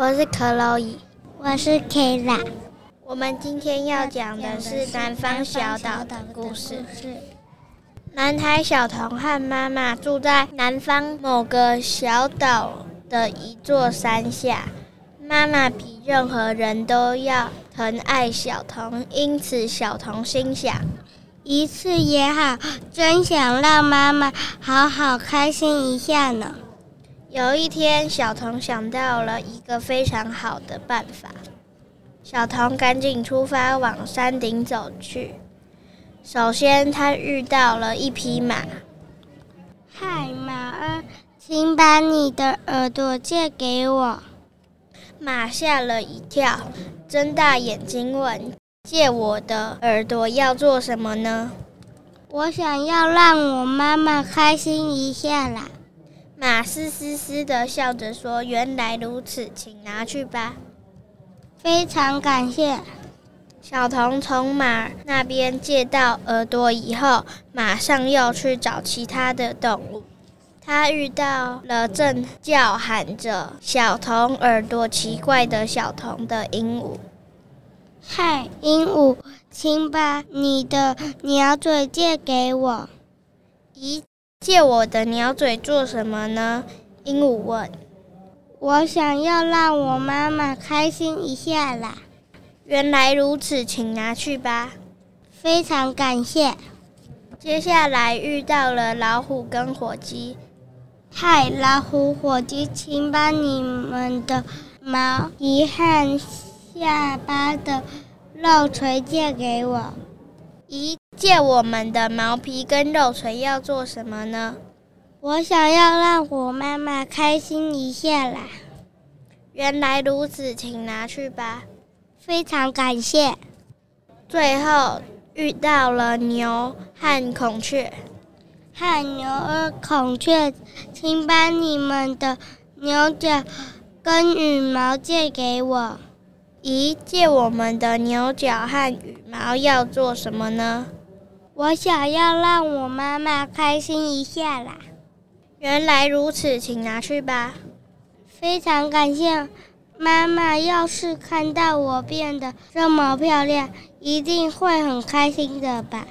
我是克洛伊，我是 Kalya。我們今天要講的是南方小島的故事。是，男孩小童和媽媽住在南方某個小島的一座山下。媽媽比任何人都要疼愛小童，因此小童心想：一次也好，真想讓媽媽好好開心一下呢。有一天，小童想到了一個非常好的辦法。小童趕緊出發往山頂走去。首先，他遇到了一匹馬。“嗨，馬兒，請把你的耳朵借給我。”馬嚇了一跳，睜大眼睛問：“借我的耳朵要做什麼呢？”“我想要讓我媽媽開心一下啦。”馬嘶嘶嘶的笑着說：“原來如此，請拿去吧，非常感謝。”小童從馬那邊借到耳朵以後，馬上又去找其他的動物。他遇到了正叫喊着“小童耳朵奇怪”的小童的鸚鵡。“嗨，鸚鵡，請把你的鳥嘴借給我。”一借我的鳥嘴做什麼呢？鸚鵡問。我想要讓我媽媽開心一下啦。原來如此，請拿去吧。非常感謝。接下來遇到了老虎跟火雞。嗨，老虎、火雞，請把你們的毛遺憾下巴的肉垂借給我。咦？借我們的毛皮跟肉錘要做什麼呢？我想要讓我媽媽開心一下啦。原來如此，請拿去吧，非常感謝。最後遇到了牛和孔雀，嗨，牛和孔雀，請把你們的牛角跟羽毛借給我。咦，借我們的牛角和羽毛要做什麼呢？我想要讓我媽媽開心一下啦。原來如此，請拿去吧。非常感謝，媽媽，要是看到我變得這麼漂亮，一定會很開心的吧。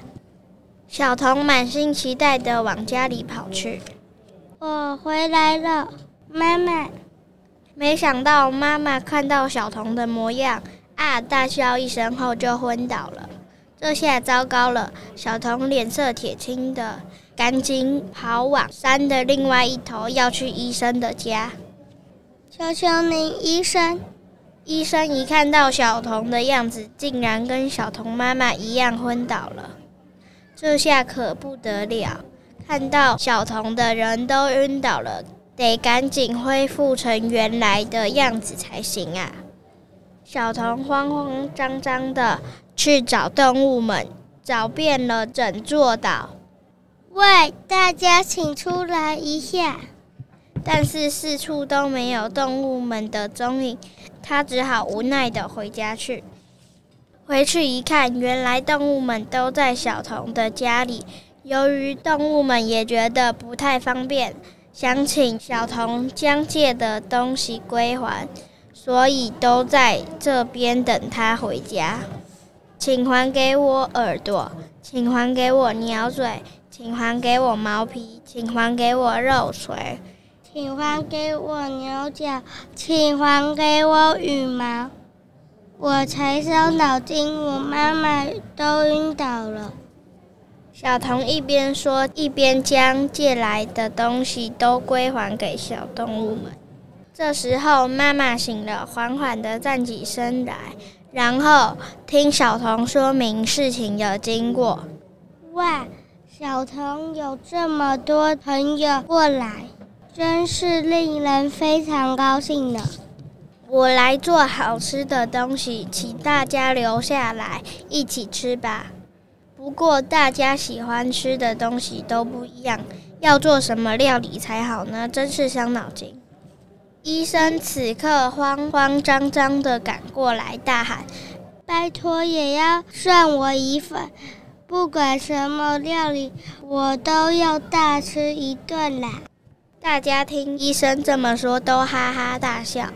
小童滿心期待的往家裡跑去。我回來了，媽媽。沒想到媽媽看到小童的模樣，啊！大笑一聲後就昏倒了。這下糟糕了！小童臉色鐵青的，趕緊跑往山的另外一頭，要去醫生的家。求求您，醫生！醫生一看到小童的樣子，竟然跟小童媽媽一樣昏倒了。這下可不得了！看到小童的人都暈倒了，得趕緊恢復成原來的樣子才行啊！小童慌慌張張的，去找動物們，找遍了整座島。喂，大家請出來一下！但是四處都沒有動物們的蹤影，他只好無奈地回家去。回去一看，原來動物們都在小童的家裡。由於動物們也覺得不太方便，想請小童將借的東西歸還，所以都在這邊等他回家。請還給我耳朵，請還給我鳥嘴，請還給我毛皮，請還給我肉錘，請還給我牛角，請還給我羽毛。我才傷腦筋，我媽媽都暈倒了。小童一邊說，一邊將借來的東西都歸還給小動物們。這時候，媽媽醒了，緩緩地站起身來。然後聽小童說明事情的經過。哇，小童有這麼多朋友過來，真是令人非常高興呢。我來做好吃的東西，請大家留下來一起吃吧。不過大家喜歡吃的東西都不一樣，要做什麼料理才好呢？真是傷腦筋。醫生此刻慌慌張張地趕過來，大喊：“拜托，也要算我一份，不管什麼料理，我都要大吃一頓啦！”大家聽醫生這麼說，都哈哈大笑。